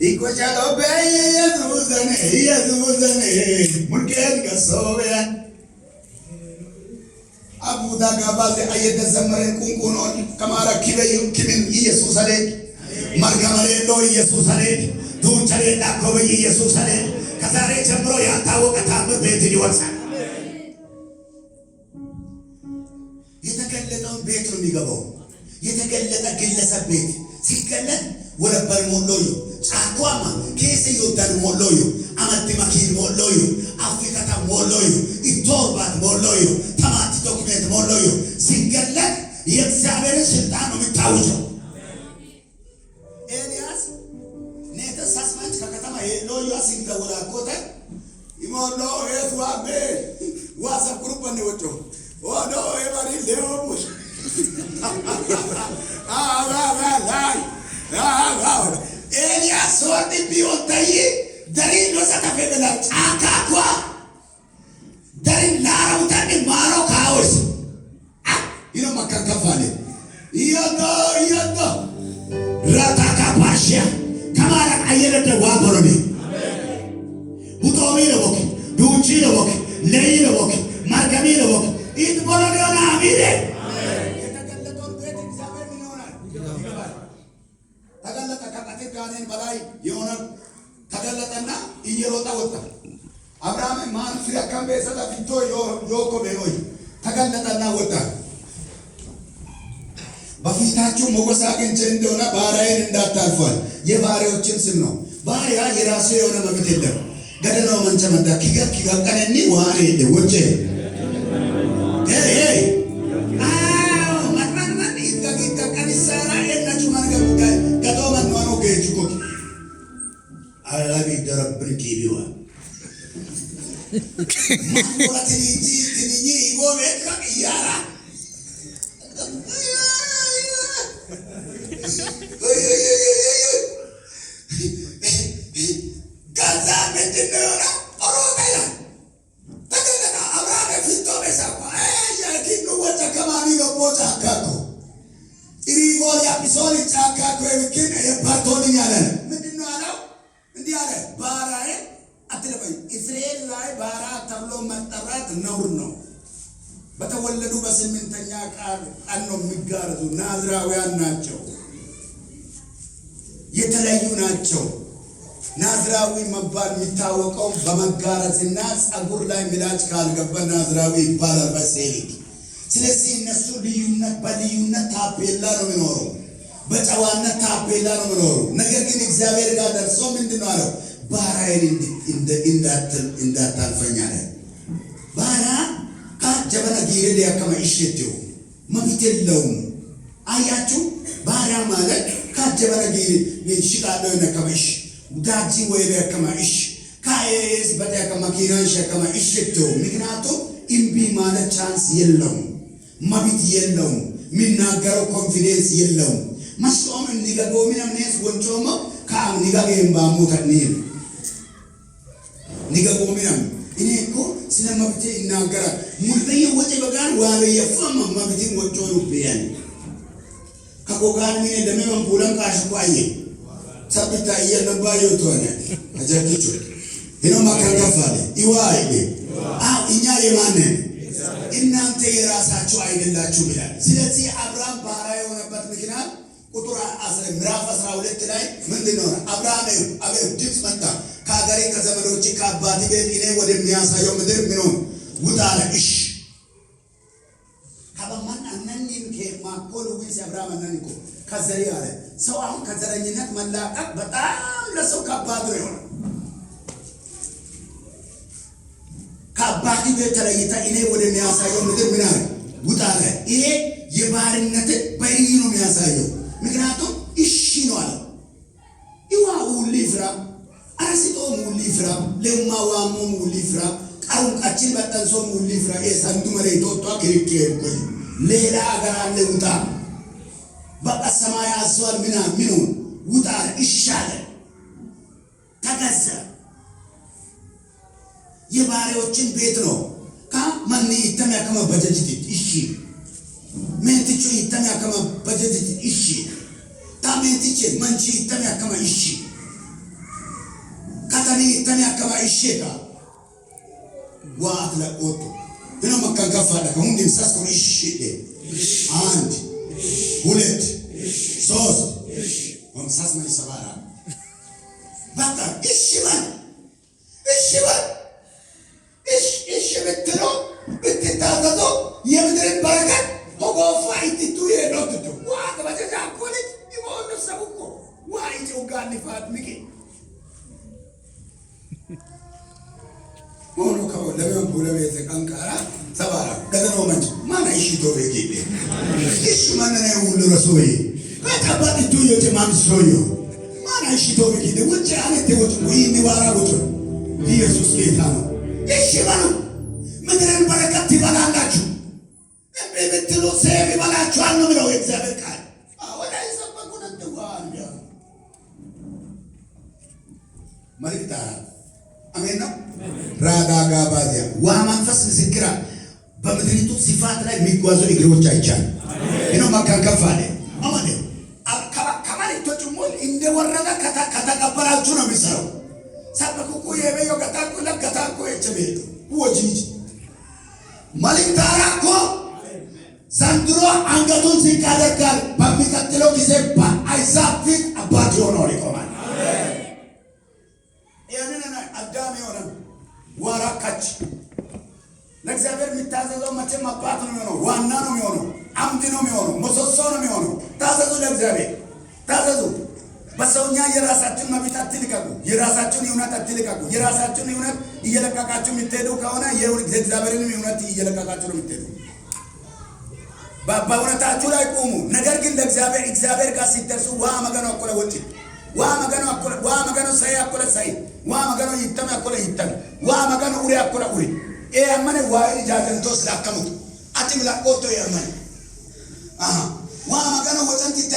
ಡಿಕ್ವಚಲೋಬೆ ಯೆಹೂದನೆ ಯೆಹೂದನೆ ಮುಡ್ಕೇನ್ ಕಸೋಬೆ አቡዳ ጋባዘ እየተዘመረን ቁንቁኖን ከማራ ኪበዩ ኪብን ኢየሱስ አለ መርገመሌ ኢየሱስ አለ ዱንቸሌ ዳኮበ ኢየሱስ አለ ከዛሬ ጀምሮ ያልታወቀ ታምር ቤት ይወርሳል። የተገለጠውን ቤት ነው የሚገባው። የተገለጠ ግለሰብ ቤት ሲገለጥ ወለበር ሞሎ akwama keeseyyooddan molloyo amaddimaakiin molloyo afrikatan molloyo ittoorbaan molloyo tamaatti ዶክሜንት ሞሎዮ ሲገለጥ የእግዚአብሔርን ስልጣን ነው የሚታወጀው። ኤልያስ ኔተሳስማች ከከተማ ሎያ ሲንገውላ ኮተ ኢሞሎ ኤትዋቤ ዋሰብ ጉሩበን ወጮ ወዶ ኤባሪ ሌሆሙሽ Kasooti biyoon ta'ee darii losa kafee dhala caakaa kuwa darii laarawutaan maaroo kaa'us ino makkan kafaale yondo yondo rataka paashiya kamaaran ayyaradde waa borone butoomii dhawoke duuchii dhawoke leeyii dhawoke margamii dhawoke inni borone yoo naa miidhe. ዙሪያ ካምቤ ሰላ ፊቶ ዮኮ ተገለጠና ወጣ። በፊታችሁ ሞገስ አግኝቼ እንደሆነ ባሪያዬን እንዳታልፏል። የባሪያዎችን ስም ነው። ባሪያ የራሱ የሆነ መብት የለም። ገደናው መንጨመዳ ኪገብ ኪገብ ቀነኒ ዋኔ የለ ወጭ ገጦ ኪቢዋል Mambura tiniti tininyi igome kakiyara. ነውር ነው። በተወለዱ በስምንተኛ ቀን ነው የሚጋረዙ። ናዝራውያን ናቸው፣ የተለዩ ናቸው። ናዝራዊ መባል የሚታወቀው በመጋረዝና ጸጉር ላይ ምላጭ ካልገባ ናዝራዊ ይባላል በሴሊክ። ስለዚህ እነሱ ልዩነት በልዩነት ታፔላ ነው የሚኖሩ፣ በጨዋነት ታፔላ ነው የሚኖሩ። ነገር ግን እግዚአብሔር ጋር ደርሶ ምንድን ነው አለው? ባሪያዬን እንዳታልፈኝ አለ። ባሪያ ካጀበተ ጊሬ ሊያከመ ይሽቴው መብት የለውም። አያችሁ ባሪያ ማለት ካጀበተ ጊሬ ሽቃዶ ነከመሽ ዳጂ ወይ ሊያከመሽ ካኤስ በተያከ መኪናን ሸከመ ይሽቴው ምክንያቱም እምቢ ማለት ቻንስ የለውም፣ መብት የለውም፣ የሚናገረው ኮንፊደንስ የለውም። መስኦም እንዲገጎሚና ኔስ ወንጮሞ ካም ኒጋጌምባሙተኒም ኒገጎሚናም እኔ እኮ ስለ መብቴ ይናገራል። ሙልበየ ወጭ በጋር ዋበየፈመ መብትን ወጮኑ ብያን ከቆቃን ሚኔ ደሜመን ፑለን ቃሽቋየ ሰብታ እየነባ የቶነ አጀኪቹ ይኖ ማከርከፋለ ይዋይዴ አሁ እኛ የማንን እናንተ የራሳችሁ አይደላችሁ ይላል። ስለዚህ አብርሃም ባሪያ የሆነበት ምክንያት ቁጥር ምዕራፍ አስራ ሁለት ላይ ምንድን ነው አብርሃም አቤ ድምፅ መጣ ከሀገሬ ከዘመዶች ከአባት ቤት እኔ ወደሚያሳየው ምድር ምኖን ውጣለ እሽ ከበማን አነኒም ከማኮ ልዊስ አብርሃም አነኒኮ ከዘሬ አለ ሰው አሁን ከዘረኝነት መላቀቅ በጣም ለሰው ከባድ ነው ከአባት ቤት ተለይተ እኔ ወደሚያሳየው ምድር ምን አለ ውጣለ ይሄ የባርነት በይ ነው የሚያሳየው ምክንያቱም እሺ ነው አለ ይዋ ሁሉ Taasitoom uliifiraam lemmaa waammoom uliifiraam qaruqachiin maxxansoom uliifiraam eessantu malee Itoophiyaa keekkee koy ሌላ አገራለ ውጣ በቃ ሰማይ አዘዋል ምና ምኑ ውጣ ይሻለ ተገዘ የባሪያዎችን ቤት ነው ካ ማን ይተም ያከመ በጀጅት እሺ ሜንትቹ ይተም ያከመ በጀጅት እሺ ታሜንትቼ መንቺ ይተም ያከመ እሺ ከኔ አካባቢ ይሸጣ ዋት ለቆጡ እና መካንካፋለ ከሁንዴም ሳስ ከሆነ ይሽደ አንድ ሁለት ሶስት ወምሳስ መ ሰባራ በቃ እሺ በል እሺ በል እሺ ብትሎ ብትታዘዞ የምድርን በረከት ኦጎፋ ኢትቱ የዶትቱ ዋት በተዛ ኮሌጅ ይሆኑ ሰቡኮ ዋይት ኡጋኒፋት ምቂ Ngono kabo leme mbule weze kankara sabara gaza no manji mana ishi dove gebe ishi mana ne ulu rasoyi kata bati tuyo te mami soyo mana ishi dove gebe wuche anete wuche muhindi wara wuche Yesus ጌታ ነው። እሺ በሉ ምድርን በረከት ትበላላችሁ የምትሉ ሴብ ይበላችኋል ነው ብለው የእግዚአብሔር ቃል መልእክት አራት ውሃ መንፈስ ምስክር በምድሪቱ ስፋት ላይ የሚጓዙ እግሮች አይቻሉ። ይህ መካከፍ አለ ከመሬቶች እንደወረደ ከተቀበላችሁ ነው የሚሰራው። ሳበኩኩ የበዮ ገታኩ ለገታኩ የቸቤቱ ወጂጅ መልክታራ እኮ ዘንድሮ አንገቱን ዝቅ ያደርጋል። በሚቀጥለው ጊዜ በአሕዛብ ፊት አባት ሆኖ ይቆማል። ይህንን አዳም የሆነ ዋራካች ለእግዚአብሔር የሚታዘዘው መቼም አባት ነው የሚሆነው፣ ዋና ነው የሚሆነው፣ አምድ ነው የሚሆነው፣ ምሰሶ ነው የሚሆነው። ታዘዙ፣ ለእግዚአብሔር ታዘዙ። በሰውኛ የራሳችሁን መብት አትልቀቁ። የራሳችሁን እውነት አትልቀቁ። የራሳችሁን እውነት እየለቀቃችሁ የምትሄዱ ከሆነ የእግዚአብሔርንም እውነት እየለቀቃችሁ ነው የምትሄዱ። በእውነታችሁ ላይ ቁሙ። ነገር ግን ለእግዚአብሔር እግዚአብሔር ጋር ሲደርሱ ዋ መገኖ አኮለ ወጪ ዋ መገኖ አኮለ ዋ መገኖ ሳይ አኮለ ሳይ ዋ መገኖ ይተም አኮለ ይተም ዋ መገኖ ኡሪ አኮለ yaamane waa'iri jaatantos lakkamutu ati milaqqootto yaamane waamagana wacantitte